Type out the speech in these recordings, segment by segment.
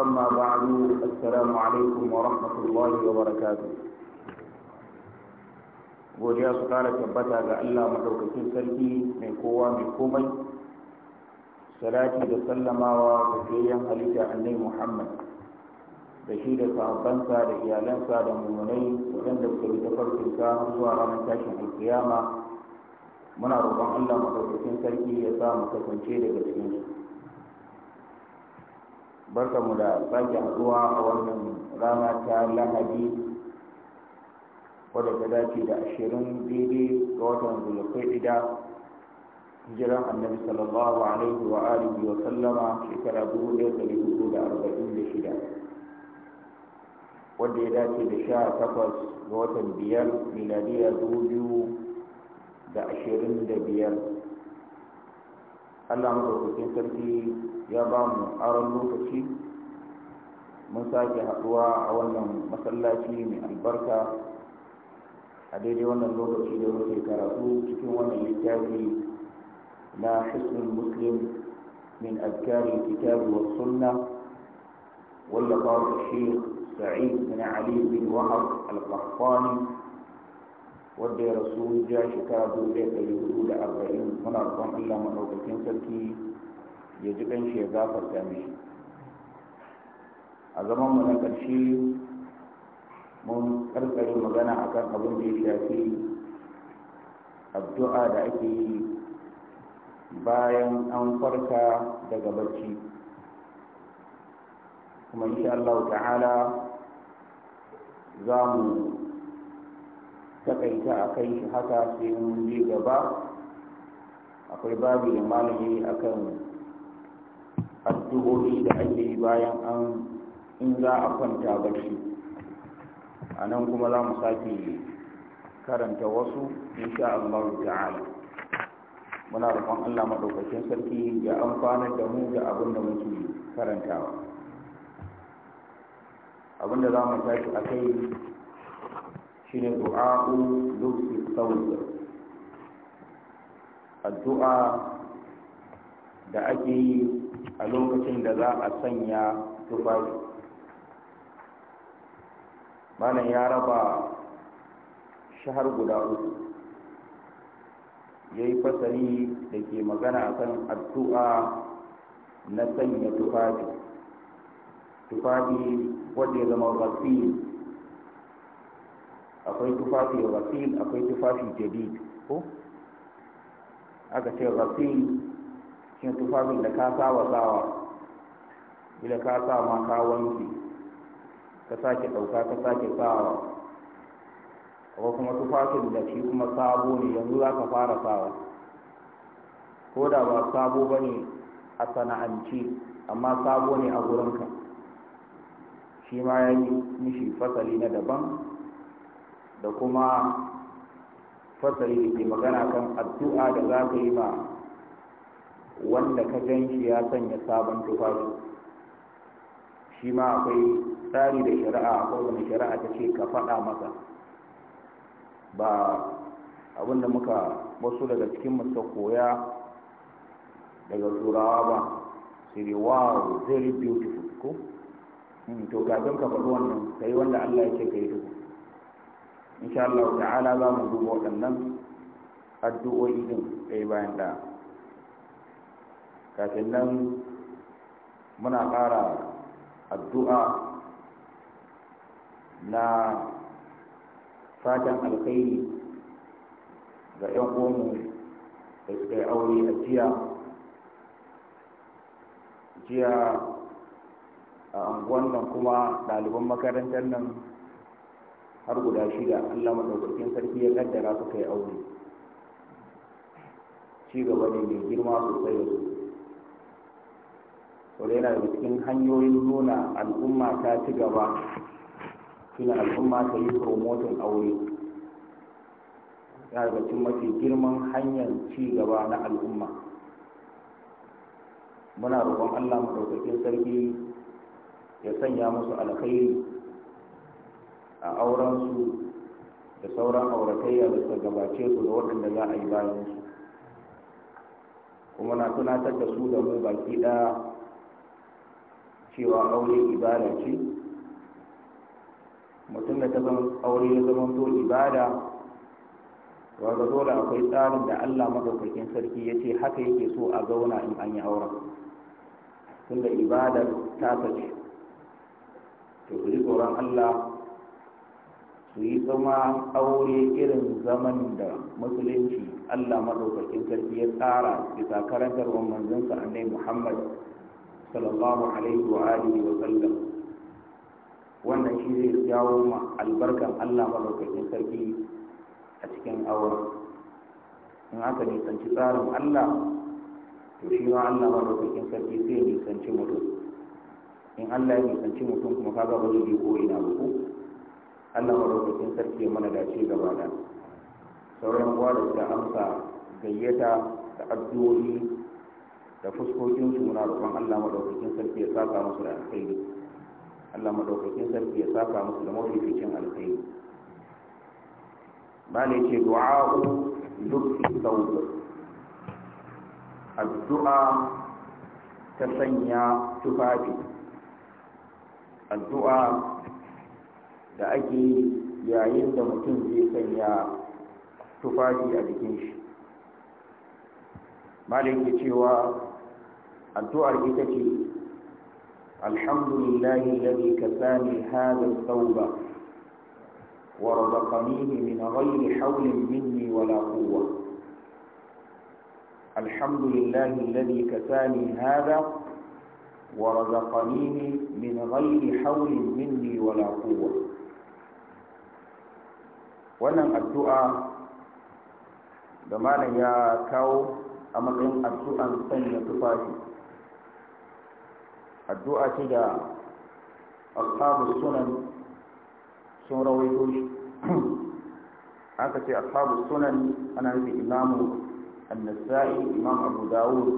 أما بعد السلام عليكم ورحمة الله وبركاته godiya su kara tabbata ga Allah madaukakin sarki mai kowa mai komai salati da sallamawa ga fiyayyen halitta annai Muhammad da shi da sahabbansa da iyalansa da mummunai waɗanda suka bi ka zuwa ranar tashin alkiyama muna roƙon Allah madaukakin sarki ya sa mu kasance daga cikin su barka mu da sake haɗuwa a wannan rana ta lahadi wadda ta dace da ashirin daidai ga watan ida hijiran annabi sallallahu alaihi wa alihi wa sallama shekara dubu ɗaya da dubu da arba'in da shida wadda ya dace da sha takwas ga watan biyar miladiya dubu biyu da ashirin da biyar allah maɗaukakin sarki ya ba mu aron lokaci mun sake haɗuwa a wannan masallaci mai albarka a daidai wannan lokaci da muke karatu cikin wannan littafi na hisnul muslim min azkari kitabi wa sunna wallafa shi sa'id bin ali bin wahab al-qahtani wadda ya rasu ja shekara dubu ɗaya ɗari hudu da arba'in muna roƙon allah maɗaukakin sarki ya ji shi ya gafarta mishi a zaman mu na ƙarshe mun karkare magana a kan abin da ya shafi addu'a da ake yi bayan an farka daga bacci kuma insha Allah ta'ala za mu takaita a kai shi haka sai mun je gaba akwai babu da malami akan addu'o'i da ake yi bayan an in za a kwanta barci a nan kuma za mu sake karanta wasu insha Allah ta'ala muna roƙon Allah madaukakin sarki ya amfana da mu da abin da muke karantawa abin da za mu sake a kai shine du'a'u lubsi thawb addu'a da ake yi a lokacin da za a sanya tufafi malam ya raba shahar guda uku ya yi fasari da ke magana akan addu'a na sanya tufafi tufafi wadda ya zama basiri akwai tufafi rasil akwai tufafi jadid ko aka ce rasil shi tufafin da ka sawa sawa ila ka sa ma ka wanke ka sake ɗauka ka sake sawa ko kuma tufafin da shi kuma sabo ne yanzu za ka fara sawa ko da ba sabo ba ne a sana'ance amma sabo ne a gurinka shi ma ya yi mishi fasali na daban da kuma fasari da ke magana kan addu'a da za ka yi ma wanda ka gan shi ya sanya sabon tufafi shi ma akwai tsari da shari'a ko wani shari'a ta ce ka faɗa masa ba abinda muka wasu daga cikin suka koya daga turawa ba sai wow very beautiful ko hmm, to kafin ka faɗi wannan ka yi wanda Allah ya ce ka yi tuku insha Allah ta'ala za mu duba waɗannan addu'o'i din ɗaya bayan ɗaya kafin nan muna ƙara addu'a na fatan alkhairi ga 'yan uwanmu da suka aure a jiya jiya a unguwan nan kuma ɗaliban makarantar nan har guda shida allah maɗaukakin sarki ya kaddara su kai aure ci gaba ne mai girma sosai da sosai sau yana cikin hanyoyin nuna al'umma ta ci gaba al'umma ta yi promotin aure ya ga cikin mafi girman hanyar ci gaba na al'umma muna roƙon allah maɗaukakin sarki ya sanya musu alkhairi a aurensu da sauran auratayya da suka gabace su da waɗanda za a yi bayan su kuma na tunatar da su da mu baki ɗaya cewa aure ibada ce mutum da ta zama aure ya zama to ibada wanda dole akwai tsarin da allah madaukakin sarki ya ce haka yake so a zauna in an yi auren tunda ibadar ta ce to ku ji tsoron allah su yi zama aure irin zaman da musulunci allah maɗaukakin sarki ya tsara bisa karantarwar manzansa annai muhammad sallallahu alaihi wa alihi wa sallam wannan shi zai jawo ma albarkan allah maɗaukakin sarki a cikin auren in aka nisanci tsarin allah to shi ma allah maɗaukakin sarki sai nisanci mutum in allah ya nisanci mutum kuma kaga ba zai ko ina ba ko allah maɗaukakin sarki mana dace gaba da sauran uwa da suka amsa gayyata da addu'o'i da fuskokin su muna roƙon allah maɗaukakin sarki ya saka musu da alkhairi allah maɗaukakin sarki ya saka musu da mafificin alkhairi ba ne ce du'a'u lubbi sauƙi addu'a ta sanya tufafi addu'a da ake yayin da mutum zai sanya tufafi a jikin shi malin ke cewa addu'ar ita ce alhamdulillahi lalli ka sani hadar sauba wa razaqanihi min ghairi hawlin minni wala quwwa alhamdulillahi lalli ka sani hadar ورزقنيه من غير حول مني ولا قوه wannan addu'a da malam ya kawo a matsayin addu'an sanya tufafi addu'a ce da ashabu sunan sun rawaito shi aka ce ashabu sunan ana nufin imamu annasa'i imam abu dawud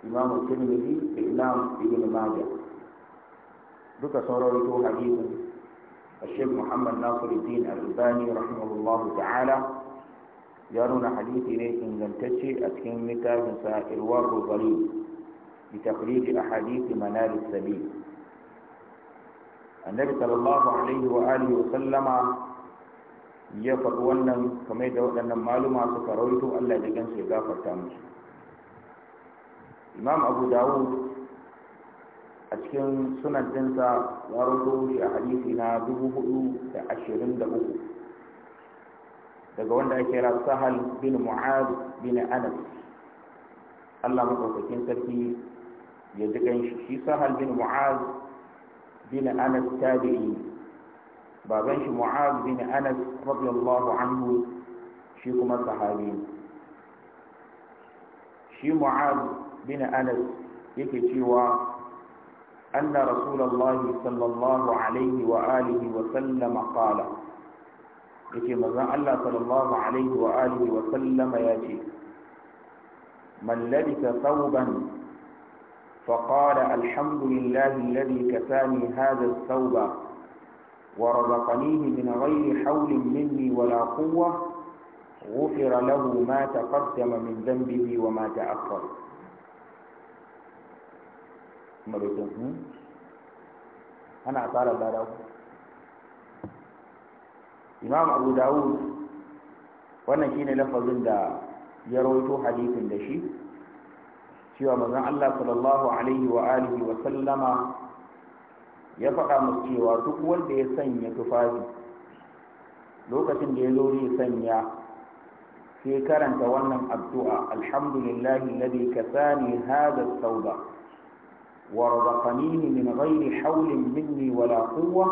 imam tirmidhi da imam ibn majah duka sun rawaito hadisin الشيخ محمد ناصر الدين الألباني رحمه الله تعالى يرونا حديث إليه إن لم تشي أتكين متاج سائر الظليل لتخريج أحاديث منار السبيل النبي صلى الله عليه وآله وسلم ya faɗi wannan kamar da waɗannan maluma suka rawaito Allah ya gansu ya gafarta musu imam abu dawud a cikin sunan dinsa warin rawaito a hadisi na dubu hudu da ashirin da uku daga wanda ake kira sahal bin mu'ad bin anas Allah madaukakin sarki ya ji ganshi shi sahal bin mu'az bin anas tabi'i baban shi mu'az bin anas radiyallahu anhu shi kuma sahabi shi mu'az bin anas yake cewa أن رسول الله صلى الله عليه وآله وسلم قال يجي مزان الله صلى الله عليه وآله وسلم يأتي من لبس ثوبا فقال الحمد لله الذي كساني هذا الثوب ورزقنيه من غير حول مني ولا قوة غفر له ما تقدم من ذنبه وما تأخر kuma da hmm? ana lada ku imam abu dawud wannan shine lafazin da ya rawaito hadisin da shi cewa manzon Allah sallallahu alaihi wa alihi wa sallama ya faɗa mu cewa duk wanda ya sanya tufafi lokacin da ya zo zai sanya sai karanta wannan addu'a alhamdulillahi ladhi kasani hadha sauba warzaƙanini min ghairi haulin minni wala quwwa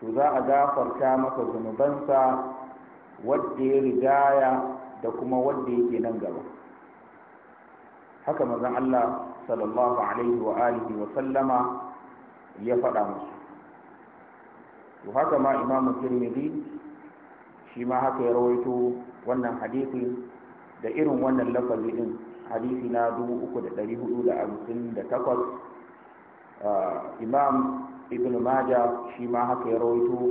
to za a gafarta masa zunubansa wadda ya rigaya da kuma wadda yake nan gaba haka manzon Allah sallallahu alaihi wa wa sallama ya faɗa musu to haka ma imamu tirmidhi shi ma haka ya rawaito wannan hadisi da irin wannan lafazi ɗin. hadisi na 3458 imam ibn maja shi ma haka ya rawaito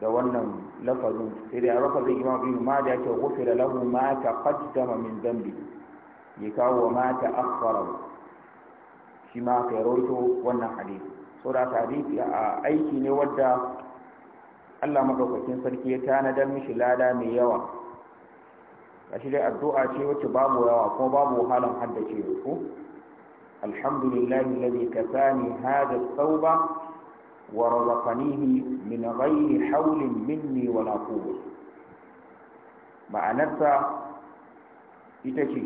da wannan lafazin sai da lafazin imam ibn maja ya ce gufira lahu ma taqaddama min dambi. ya kawo ma ta'akhkhara shi ma haka ya rawaito wannan hadisi saboda hadisi a aiki ne wadda Allah madaukakin sarki ya tanadar mishi lada mai yawa gashi dai addu'a ce wacce babu yawa ko babu wahalan haddace ku alhamdulillahi alladhi kasani hadha thawba wa razaqanihi min ghairi hawlin minni wala ma'anarsa ita ce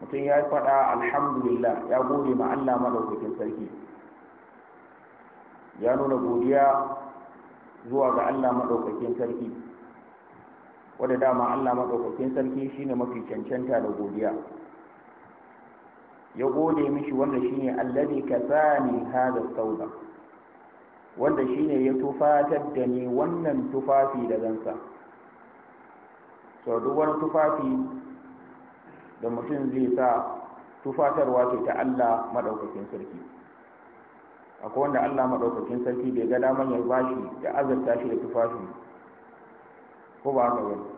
mutum ya faɗa alhamdulillah ya gode ma Allah madaukakin sarki ya nuna godiya zuwa ga Allah madaukakin sarki wadda dama Allah maɗaukakin sarki shine mafi cancanta da godiya ya gode mishi wanda shine allazi kasani hada sauda wanda shine ya tufatar da ni wannan tufafi da zansa sau duk wani tufafi da mutum zai sa tufatarwa ce ta Allah maɗaukakin sarki akwai wanda Allah maɗaukakin sarki bai ga daman ya bashi da azurta shi da tufafi ko ba haka wani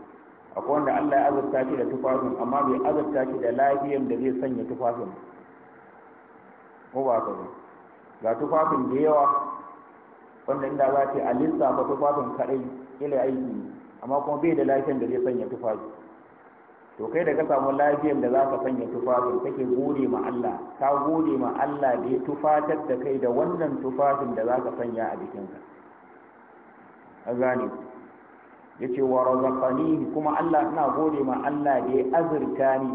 akwai wanda Allah ya azurta shi da tufafin amma bai azurta shi da lafiyan da zai sanya tufafin ko ba ka zo? ga tufafin da yawa wanda inda za ta a lissafa tufafin kaɗai, ila aiki ne, amma kuma bai da lafiyan da zai sanya tufafin. to kai da ka samu lafiyan da za ka sanya tufafin kake gode ma Allah ka gode ma Allah da ya tufatar da kai da wannan tufafin da za ka sanya a jikinka a gane ku ce wa razaqani kuma Allah ina gode ma Allah da ya azurta ni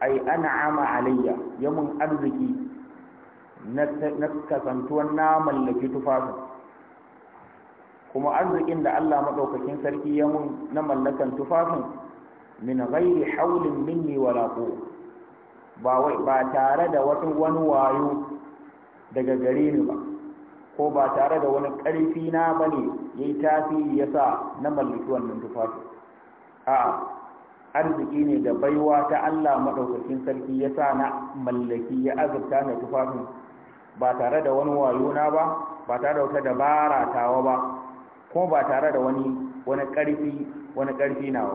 ai an'ama alayya ya mun arziki na kasantuwan na mallaki tufafin kuma arzikin da Allah madaukakin sarki ya mun na mallakan tufafin min ghairi haulin minni wala ba ba tare da wani wayo daga gare ni ba ko ba tare da wani ƙarfi na ba ne ya yi tasiri ya sa na mallaki wannan tufafi a'a arziki ne da baiwa ta Allah maɗaukakin sarki ya sa na mallaki ya azurta na tufafin ba tare da wani wayona ba ba tare da wata dabara tawa ba ko ba tare da wani wani ƙarfi wani ƙarfi na ba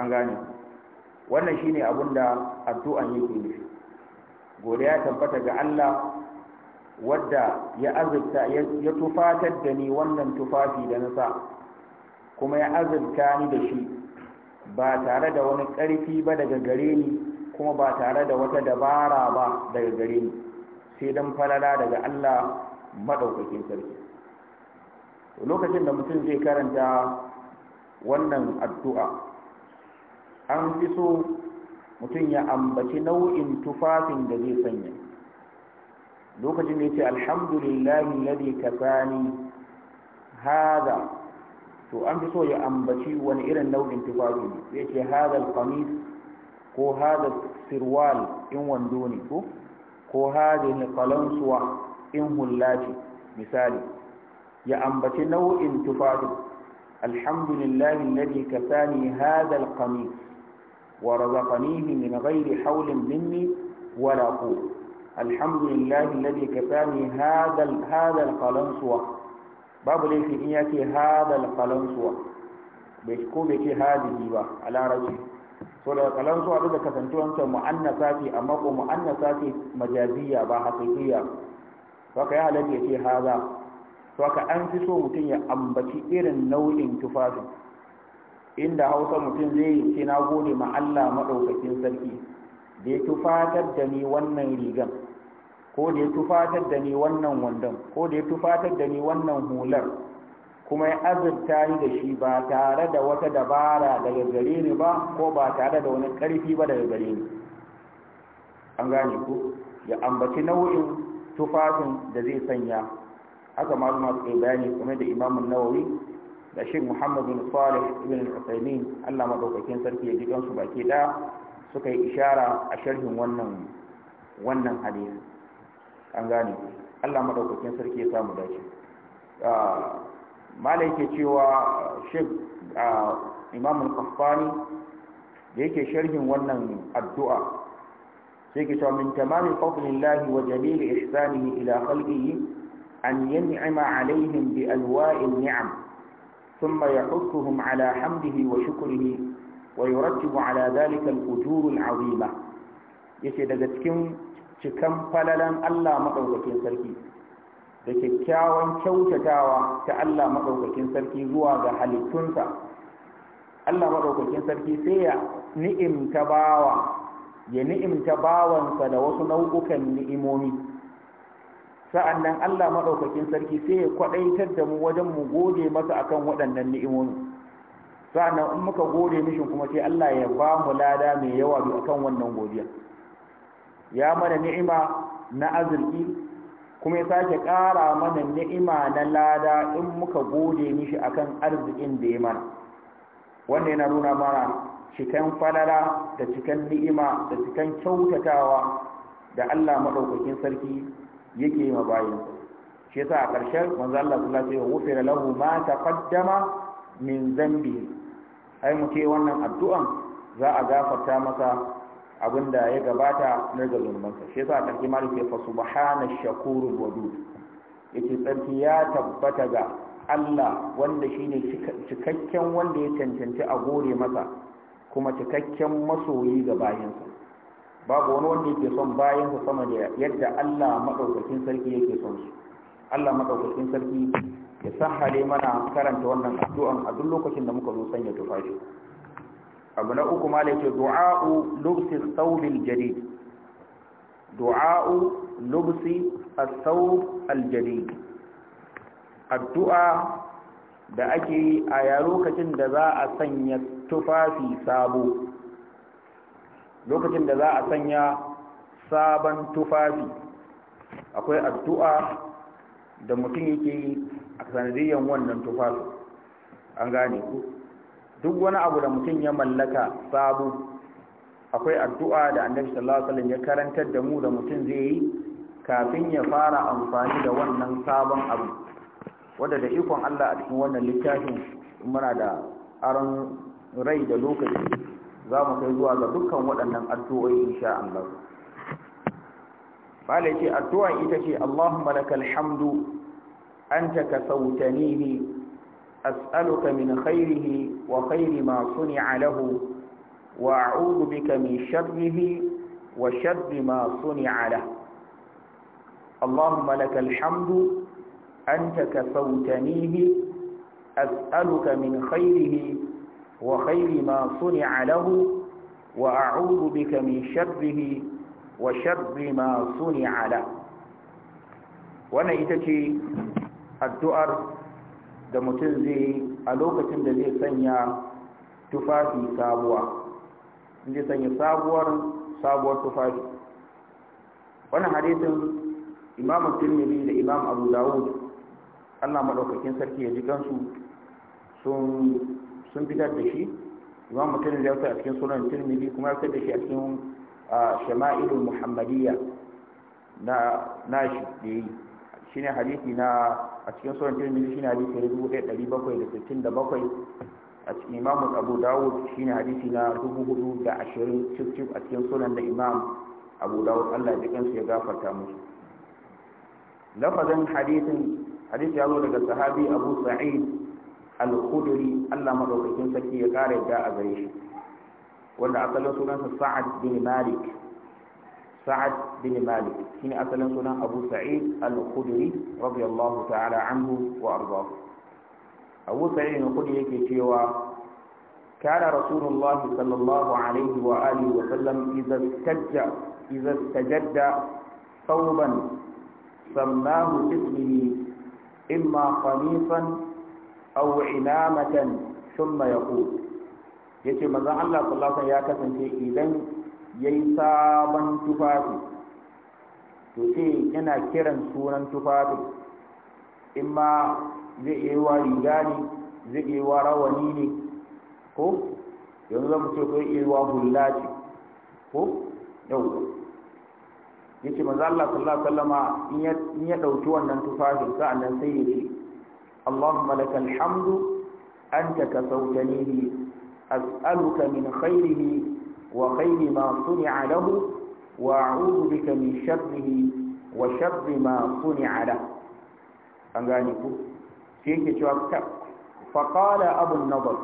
an gane wannan shine abin da addu'an yake nufi godiya tabbata ga Allah wadda ya azurta ya tufatar da ni wannan tufafi da na sa kuma ya azurta ni da shi ba tare da wani ƙarfi ba daga gare ni kuma ba tare da wata dabara ba daga gare ni sai don falala daga Allah maɗaukakin sarki lokacin da mutum zai karanta wannan addu'a an fi so mutum ya ambaci nau'in tufafin da zai sanya lokacin da ya ce alhamdulillahi ladhi kasani hada to an fi so ya ambaci wani irin nau'in tufafi ne ya ce hada alqamis ko hada sirwal in wando ne ko ko hada qalansuwa in hulla ce misali ya ambaci nau'in tufafi alhamdulillahi ladhi kasani hada alqamis ورزقنيه من غير حول مني ولا قوه الحمد لله الذي كفاني هذا هذا القلنسوة باب ليس إن يأتي هذا القلنسوة بيشكو بيكي هذه با على رجل سورة القلنسوة بدأ كفنتو أنت مؤنثاتي أما مؤنثاتي مجازية با حقيقية فكي على يأتي هذا فكي أنفسه متين أنبتي إرن نوع تفافي inda hausa mutum zai ce na gode ma Allah maɗaukakin sarki da ya tufatar da ni wannan rigan ko da ya tufatar da ni wannan wandon ko da ya tufatar da ni wannan hular kuma ya azurta ni da shi ba tare da wata dabara daga gare ni ba ko ba tare da wani ƙarfi ba daga gare ni an gane ku ya ambaci nau'in tufafin da zai sanya haka malama su kai bayani kuma da imamun nawawi da shi muhammad bin salih ibn al allah madaukakin sarki ya ji kansu baki ɗaya suka yi ishara a sharhin wannan wannan hadisi an gane Allah maɗaukakin sarki ya samu dace ah, malai yake cewa shek ah, imam al da yake sharhin wannan addu'a sai ke cewa min tamami fadlillahi wa jalil ihsanihi ila khalqihi an yan'ima alaihim bi alwa'in ni'am ثم wa على حمده وشكره ويرتب على ذلك الأجور azima yace daga cikin cikan falalan Allah maɗaukakin sarki da kyakkyawan kyautatawa ta Allah maɗaukakin sarki zuwa ga halittunsa Allah maɗaukakin sarki sai ya ni'imta bawa ya ni'imta bawansa da wasu nau'ukan ni'imomi sa'an nan Allah maɗaukakin sarki sai ya kwaɗaitar da mu wajen mu gode masa akan waɗannan ni'imomi sa'an nan in muka gode mishin kuma sai Allah ya ba mu lada mai yawa akan wannan godiya ya mana ni'ima na azurki, kuma ya sake ƙara mana ni'ima na lada in muka gode mishi akan arzikin da ya mana wannan yana nuna mana cikan falala da cikan ni'ima da cikan kyautatawa da Allah maɗaukakin sarki yake yi ma bayansa shi yasa a ƙarshen manzo Allah sallallahu alaihi wa sallam lahu ma taqaddama min zambi ai mu ce wannan addu'an za a gafarta masa abinda ya gabata na ga sa shi yasa sarki malik ya fa subhana shakuru wadud yace tsarki ya tabbata ga Allah wanda shine cikakken wanda ya cancanci a gore masa kuma cikakken masoyi ga bayansa babu wani wanda yake son bayansa sama da yadda Allah madaukakin sarki yake son shi Allah madaukakin sarki ya sahale mana karanta wannan addu'an a duk lokacin da muka zo sanya tufafi abu na uku ma yake du'a'u lubsi thawbil jadid du'a'u lubsi a thawb jari addu'a da ake yi a ya lokacin da za a sanya tufafi sabo lokacin da za a sanya sabon tufafi akwai addu'a da mutum yake yi a sanadiyyar wannan tufafi an gane ku duk wani abu da mutum ya mallaka sabu akwai addu'a da annabi sallallahu alaihi wasallam ya karantar da mu da mutum zai yi kafin ya fara amfani da wannan sabon abu wanda da ikon Allah a cikin wannan littafin muna da aron rai da lokaci za mu kai zuwa ga dukkan waɗannan addu'o'i insha Allah Bale ce addu'a ita ce Allahumma lakal hamdu anta kasautanihi أسألك من خيره وخير ما صنع له وأعوذ بك من شره وشر ما صنع له اللهم لك الحمد أنت كفوتنيه أسألك من خيره وخير ما صنع له وأعوذ بك من شره وشر ما صنع له وانا الدؤر da mutum zai yi a lokacin da zai sanya tufafi sabuwa zai sanya sabuwar sabuwar tufafi wannan hadisin imam tirmidhi da imam abu dawud allah maɗaukakin sarki ya ji kansu sun fitar da shi imam tirmidhi ya a cikin sunan tirmidhi kuma ya fitar da shi a cikin ah, shama'ilul muhammadiyya na nashi da yi shine hadisi na a cikin sunan tirmidhi shine hadisi na dubu ɗaya ɗari bakwai da sittin da bakwai a cikin imam abu dawud shine hadisi na dubu hudu da ashirin cif cif a cikin sunan da imam abu dawud allah ya jikinsu ya gafarta musu lafazin hadisin hadisi ya zo daga sahabi abu sa'id al-khudri allah madaukakin sarki ya kare da a gare shi wanda asalin sunansa sa'ad bin malik sa'ad bin malik shine asalin sunan abu sa'id al-khudri radiyallahu ta'ala anhu wa ardahu abu sa'id al-khudri yake cewa kana rasulullah sallallahu alaihi wa alihi wa sallam idza istajja idza istajadda thawban sammahu ismihi imma qamifan aw imamatan thumma yaqul yace manzon Allah sallallahu alaihi ya kasance idan yayi sabon tufafi to sai yana kiran sunan tufafin in ma zai iya wa riga ne zai iya wa rawani ne ko yanzu zan ce ko iya wa hulla ce ko yau ya ce maza Allah sallallahu alaihi wasallam in ya ɗauki wannan tufafin sa'annan sai ya ce اللهم لك الحمد أنت كسوتنيه أسألك من خيره وخير ما صنع له وأعوذ بك من شره وشر ما صنع له أنغانيكو شيك جواب فقال أبو النضر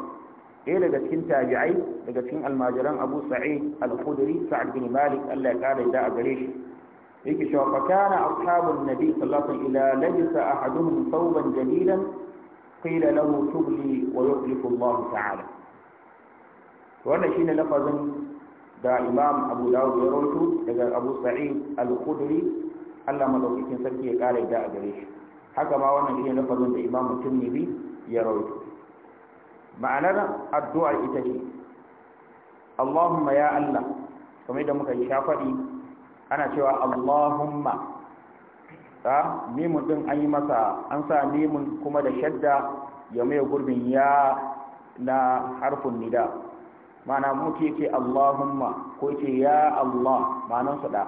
إيه لقد كنت تابعي لقد كنت الماجران أبو سعيد الخدري سعد بن مالك ألا قال إذا أقريش إيه فكان أصحاب النبي صلى الله عليه وسلم إذا لبس أحدهم ثوبا جميلا قيل له تبلي ويخلف الله تعالى وأنا شين لفظا da imam abu dawud ya rawaito daga abu sa'id al-khudri Allah madaukakin sarki ya kare da a gare shi haka ma wannan shine lafazin da imam tirmidhi ya rawaito ma'anar addu'a ita ce Allahumma ya Allah kamar da muka yi shafadi ana cewa Allahumma ta mimun din an yi masa an sa mimun kuma da shadda ya mai gurbin ya na harfin nida ma'ana muke ce Allahumma ko ce ya Allah ma'anan su da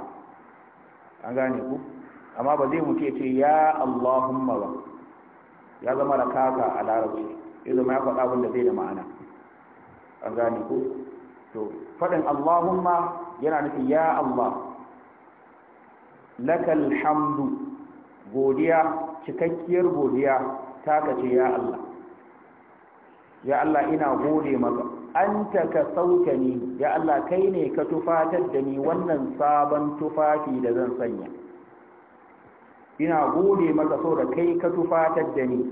an gane ku amma ba zai muke ce ya Allahumma ba ya zama da kaka a larabci ya zama ya faɗa abin da zai da ma'ana an gane ku to faɗin Allahumma yana nufi ya Allah lakal hamdu godiya cikakkiyar godiya ta ce ya Allah ya Allah ina gode maka anta ka sauka ni ya Allah kai ne ka tufatar da ni wannan sabon tufafi da zan sanya ina gode maka so da kai ka tufatar da ni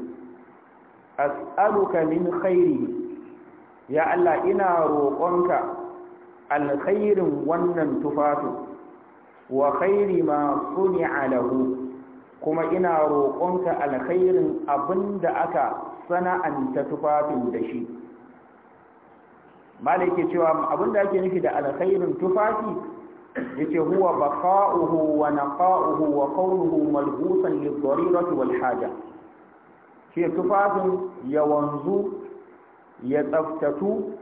as'aluka min khairi ya Allah ina roƙonka alkhairin wannan tufafin wa khairi ma suni'a lahu kuma ina roƙonka alkhairin abinda aka sana'anta tufafin da shi malai ke cewa abin da ake nufi da alkhairin tufafi yace huwa baqa'uhu wa naqa'uhu wa qawluhu malbusan lid wal haja shi tufafin ya wanzu ya tsaftatu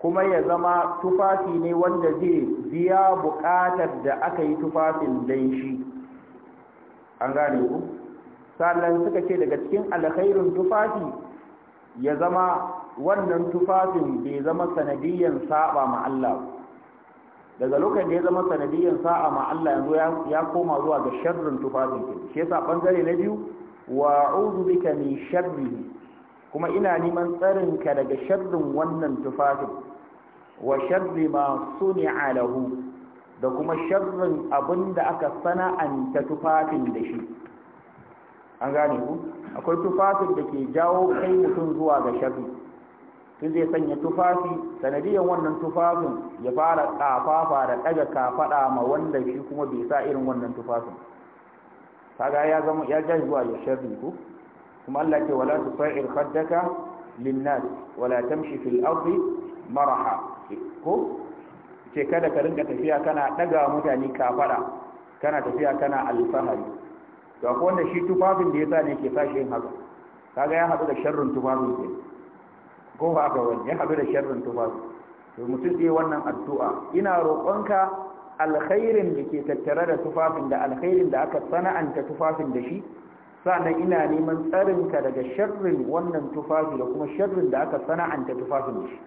kuma ya zama tufafi ne wanda zai biya buƙatar da aka yi tufafin dan shi an gane ku sannan suka ce daga cikin alkhairin tufafi ya zama wannan tufafin bai zama sanadiyyan saba ma Allah daga lokacin da ya zama sanadiyan sa'a ma Allah yanzu ya koma zuwa ga sharrin tufafin shi yasa bangare na biyu wa a'udhu bika min sharrihi kuma ina neman tsarinka daga sharrin wannan tufafin wa sharri ma suni'a lahu da kuma sharrin abinda aka sana'anta tufafin da shi an gane ku akwai tufafin da ke jawo kai mutum zuwa ga sharri tun zai sanya tufafi sanadiyan wannan tufafin ya fara kafafa da daga kafada ma wanda shi kuma bai sa irin wannan tufafin kaga ya zama ya jaji zuwa ga sharri ku kuma Allah ke wala tusa'ir khaddaka linnas wala tamshi fil ardi maraha ko ce kada ka rinka tafiya kana daga mutane kafada kana tafiya kana alfahari to wanda shi tufafin da ya sa ne ke sashi yin haka kaga ya haɗu da sharrin tufafin ke ko haka wani ya haɗu da sharrin tufafin to mutum zai wannan addu'a ina roƙonka alkhairin da ke tattare da tufafin da alkhairin da aka sana'anta tufafin da shi sannan ina neman tsarinka daga sharrin wannan tufafi da kuma sharrin da aka sana'anta tufafin da shi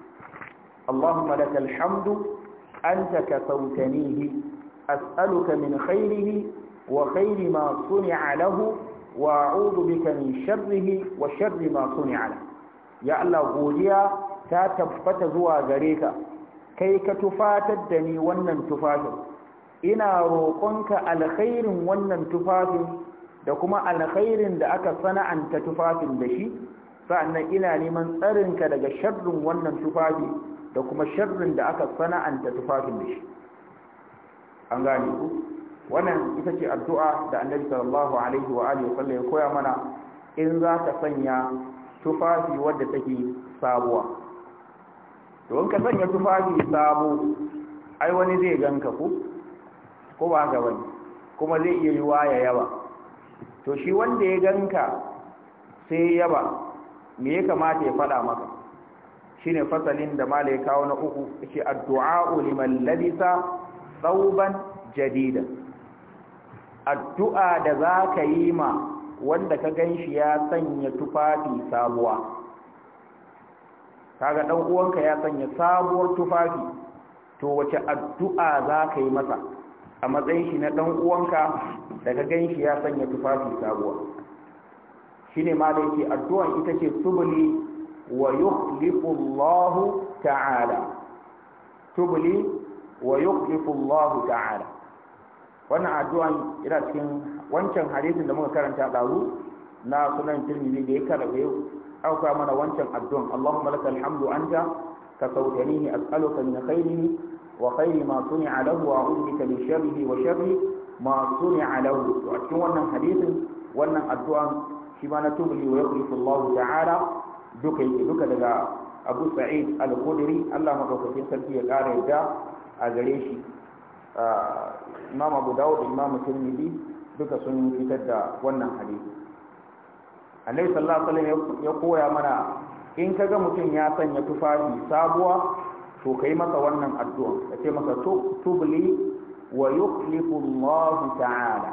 Allahumma lakal hamdu anta ka sautanihi as'aluka min khairihi وخير ما صنع له وأعوذ بك من شره وشر ما صنع له يا الله غوديا ta tabbata zuwa gare ka kai ka tufatar da ni wannan tufafin ina rokonka alkhairin wannan tufafin da kuma alkhairin da aka sana'anta tufafin da shi sa'annan ina neman tsarinka daga sharrin wannan tufafi da kuma sharrin da aka sana'anta tufafin da shi an gane ku wannan ita ce addu'a da annabi sallallahu alaihi wa alihi sallam ya koya mana in za ka sanya tufafi wadda take sabuwa to in ka sanya tufafi sabo ai wani zai ganka ku ko ba ga wani kuma zai iya yiwa ya yaba to shi wanda ya ganka sai yaba me ya kamata ya fada maka shine fasalin da mala ya kawo na uku yace addu'a liman labisa thawban jadidan addu'a da za ka yi ma wanda ka gan shi ya sanya tufafi sabuwa kaga ɗan uwanka ya sanya sabuwar tufafi to wace addu'a za ka yi masa a matsayin shi na ɗan uwanka da ka gan shi ya sanya tufafi sabuwa shi ne ma da yake addu'an ita ce subuli wa yukhlifullahu ta'ala wa yukhlifullahu ta'ala wannan addu'an yana cikin wancan hadisin da muka karanta daru na sunan tirmidhi da ya karabe auka mana wancan addu'an Allahumma laka hamdu anta ka sautanihi as'aluka min khairihi wa khairi ma suni'a lahu wa a'udhu bika min sharrihi wa sharri ma suni'a lahu to a cikin wannan hadisin wannan addu'an shi ma na tubli wa yukhlifu Allah ta'ala duka yake duka daga Abu Sa'id Al-Khudri Allah madaukakin sarki ya kara yadda a gare shi imam abu dawud imam tirmidhi duka sun fitar da wannan hadisi annabi sallallahu alaihi wasallam ya koya mana in kaga mutum ya sanya tufafi sabuwa to kai masa wannan addu'a ka ce masa tubli wa yukhlifu Allah ta'ala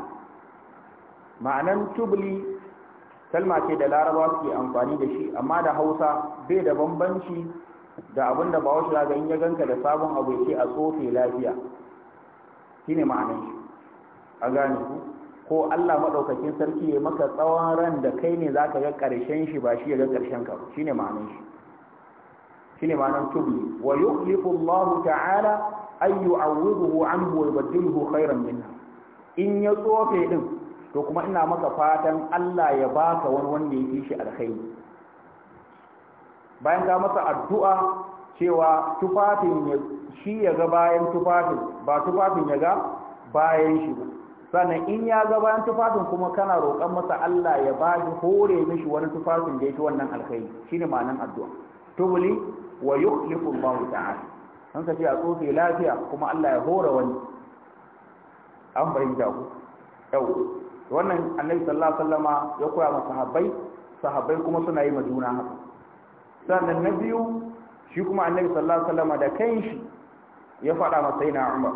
ma'anan tubli kalma ce da laraba suke amfani da shi amma da hausa bai da bambanci da abin da shi ga in ya ganka da sabon abu ce a tsofe lafiya shine ma'anar shi a gane ku ko Allah maɗaukakin sarki ya maka tsawon ran da kai ne za ka ga ƙarshen shi ba shi ya ga karshen ka ne ma'anar shi ne ma'anar tubli wa yukhlifu Allah ta'ala ay yu'awwidahu anhu wa yubaddiluhu khairan minha in ya tsofe din to kuma ina maka fatan Allah ya baka wani wanda ya fi shi alkhairi bayan ka masa addu'a cewa tufafin shi ya ga bayan tufafin ba tufafin ya ga bayan shi ba sannan in ya ga bayan tufafin kuma kana roƙon masa Allah ya ba shi hore mishi wani tufafin da yake wannan alkhairi shine ma'anan addu'a tubuli wa yukhlifu Allah ta'ala an ka ce a tsofe lafiya kuma Allah ya hore wani an fahimta ku yau wannan annabi sallallahu alaihi wasallama ya koya masa sahabbai sahabbai kuma suna yi ma juna haka sannan na biyu shi kuma annabi sallallahu alaihi wasallam da kanshi ya faɗa ma yana umar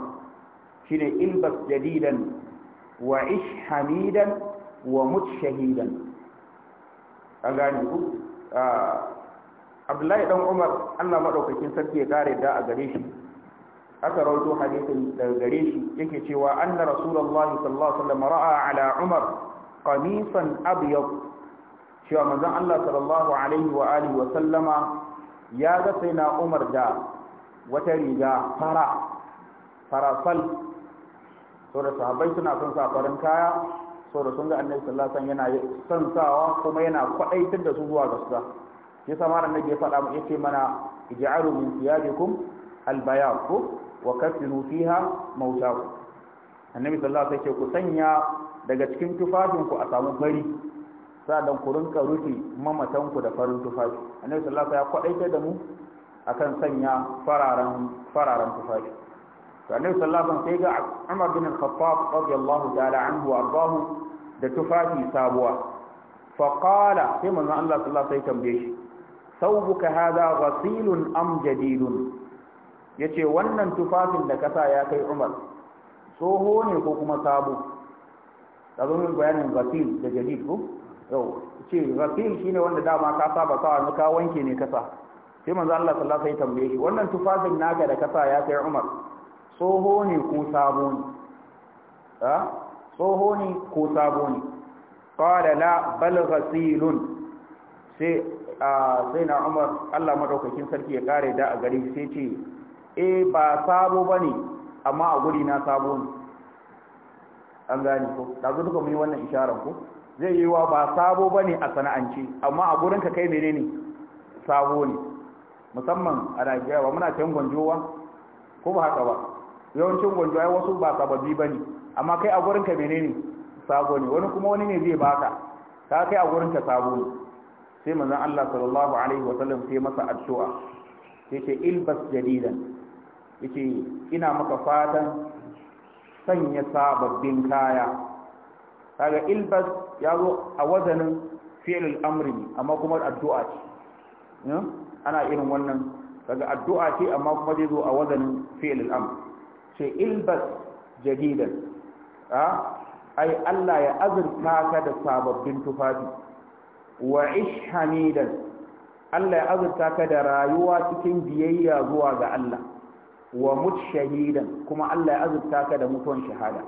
shine ilbas jadidan wa ish hamidan wa mut shahidan a gane ku ah, abdullahi dan umar allah maɗaukakin sarki ya kare da a gare shi aka rawaito hadisin daga gare shi yake cewa anna rasulullahi sallallahu alaihi wasallam ra'a ala umar qamisan abyad cewa manzon allah sallallahu alaihi wa alihi wa sallama ya ga sai na umar da wata riga fara farasal so da sahabbai suna son sa farin kaya so da sun ga annabi sallallahu alaihi wasallam yana son sawa kuma yana kwadaitar da su zuwa ga sa yasa ma annabi ya faɗa mu yace mana ij'alu min thiyabikum albayad ku wa kaffinu fiha mawtaku annabi sallallahu alaihi wasallam ku sanya daga cikin tufafinku a samu fari dan ku rinka rufe mamatanku da farin tufafi annabi sallallahu alaihi wasallam ya kwadaita da mu akan sanya fararen fararen tufafi to annabi sallallahu alaihi wasallam sai ga Umar bin Al-Khattab radiyallahu ta'ala anhu wa ardahu da tufafi sabuwa fa qala sai manzo Allah sallallahu alaihi wasallam tambaye shi thawbuka hadha ghasilun am jadidun yace wannan tufafin da kasa ya kai Umar tsoho ne ko kuma sabo kazo bayanin ghasil da jadid ko yau ce rafil shine wanda dama ka saba sawa ka wanke ne kasa sai manzo Allah sallallahu alaihi wasallam tambaye shi wannan tufafin naka da kasa ya kai Umar tsoho ne ko sabo ne ha tsoho ne ko sabo ne qala la bal ghasilun sai sai na Umar Allah madaukakin sarki ya kare da a gari sai ce eh ba sabo bane amma a guri na sabo ne an gane ko da duka mun yi wannan isharar ko zai yi wa ba sabo ba ne a sana'anci amma a gurinka kai mene ne sabo ne musamman a najeriya ba muna can gwanjowa ko ba haka ba yawancin gwanjowa ya wasu ba sababbi ba ne amma kai a gurinka mene ne sabo ne wani kuma wani ne zai baka ka kai a gurinka sabo ne sai manzon Allah sallallahu alaihi Wasallam sai masa addu'a ce ilbas jadidan yace ina maka fatan sanya sababbin kaya kaga ilbas ya zo a wazanin fi'il amri amma kuma addu'a ce ana irin wannan daga addu'a ce amma kuma zai zo a wazanin fi'il amri. ce ilbas jadidan a ai Allah ya azurta ka da sababbin tufafi wa ishamidan Allah ya azurta ka da rayuwa cikin biyayya zuwa ga Allah wa mutshahidan kuma Allah ya azurta ka da mutuwan shahada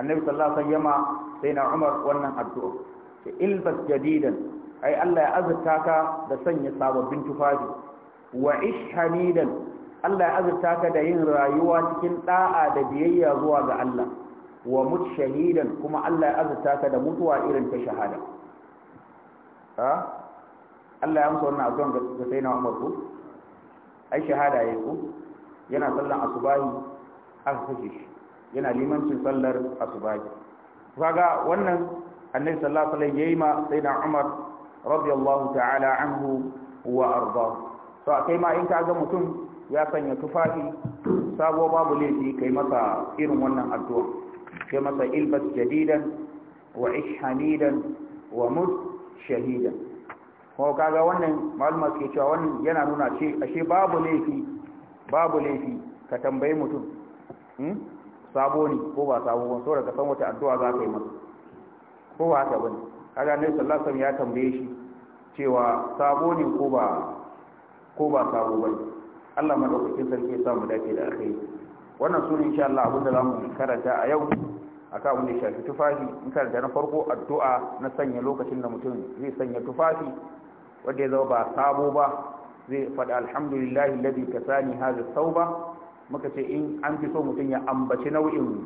annabi sallallahu alaihi wasallam sai na umar wannan addu'a ce ilbas jadidan ai Allah ya azurta ka da sanya sababbin tufafi wa ish hamidan Allah ya azurta ka da yin rayuwa cikin da'a da biyayya zuwa ga Allah wa mut kuma Allah ya azurta ka da mutuwa irin ta shahada ha Allah ya amsa wannan addu'a ga sai na umar ku ai shahada yayi ku yana sallan asubahi aka kashe yana limancin sallar asubahi kaga wannan annabi sallallahu alaihi wasallam yayi ma sayyidina Umar radiyallahu ta'ala anhu wa arda to kai ma in kaga mutum ya sanya tufafi sabo babu laifi kai masa irin wannan addu'a kai masa ilbas jadidan wa ish hamidan wa mut shahidan ko kaga wannan malama ke cewa wannan yana nuna ce ashe babu laifi babu laifi ka tambayi mutum hmm? sabo ne ko ba sabo ba saboda daga san wata addu'a za ka yi masa ko ba haka bane kaga ne sallallahu alaihi wasallam ya tambaye shi cewa sabo ne ko ba ko ba sabo bane Allah madaukakin sarki ya samu dace da akai wannan sunan insha Allah abin da zamu karanta a yau akan abin shafi tufafi in karanta na farko addu'a na sanya lokacin da mutum zai sanya tufafi wanda ya zama ba sabo ba zai faɗi alhamdulillahi alladhi kasani hadha thawba muka ce in an fi so mutum ya ambaci nau'in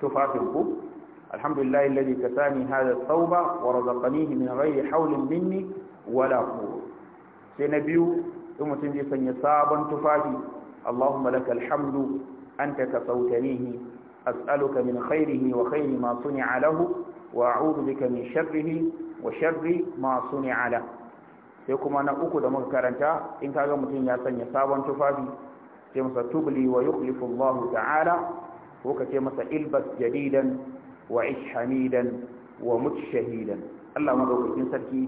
tufafin ku alhamdulillah alladhi kasani hadha thawba wa razaqanihi min ghairi hawlin minni wala quwwa sai na biyu in mutum zai sanya sabon tufafi allahumma lakal hamdu anta kasautanihi as'aluka min khairihi wa khairi ma suni'a lahu wa a'udhu bika min sharrihi wa sharri ma suni'a lahu sai kuma na uku da muka karanta in kaga mutum ya sanya sabon tufafi ce masa tubli wa yukhlifu Allah ta'ala ko ka masa ilbas jadidan wa ish hamidan wa mut shahidan Allah madaukakin sarki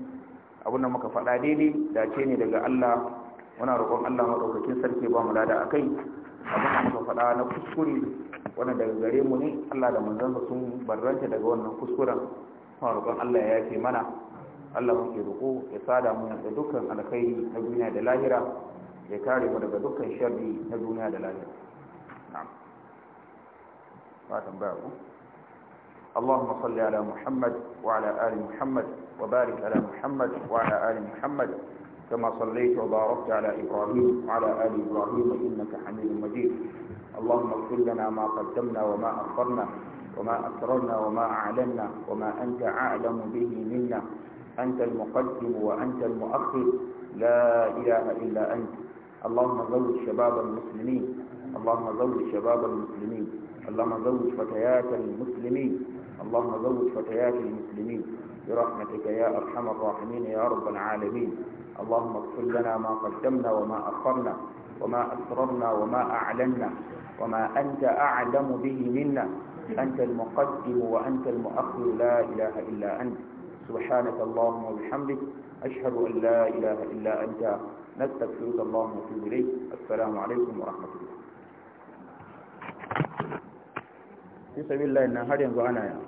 abin muka faɗa daidai dace ne daga Allah muna roƙon Allah madaukakin sarki ba mu lada akai abin da muka faɗa na kuskure wannan daga gare mu ne Allah da manzansa sun barranta daga wannan kuskuren muna roƙon Allah ya yafe mana Allah muke roƙo ya sada mu da dukkan alkhairi na duniya da lahira ya kare mu daga dukkan sharri na duniya da lafiya na'am ba tambaya ku اللهم صل على محمد وعلى آل محمد وبارك على محمد وعلى آل محمد كما صليت وباركت على إبراهيم وعلى آل إبراهيم إنك حميد مجيد اللهم اغفر لنا ما قدمنا وما أخرنا وما أسررنا وما أعلنا وما أنت أعلم به منا أنت المقدم وأنت المؤخر لا إله إلا أنت اللهم زوج شباب المسلمين اللهم زوج شباب المسلمين اللهم زوج فتيات المسلمين اللهم زوج فتيات المسلمين برحمتك يا أرحم الراحمين يا رب العالمين اللهم اغفر لنا ما قدمنا وما أخرنا وما أسررنا وما أعلنا وما أنت أعلم به منا أنت المقدم وأنت المؤخر لا إله إلا أنت سبحانك اللهم وبحمدك أشهد أن لا إله إلا أنت نستغفرك اللهم واتوب اليك السلام عليكم ورحمه الله في سبيل الله ان هذا ينزو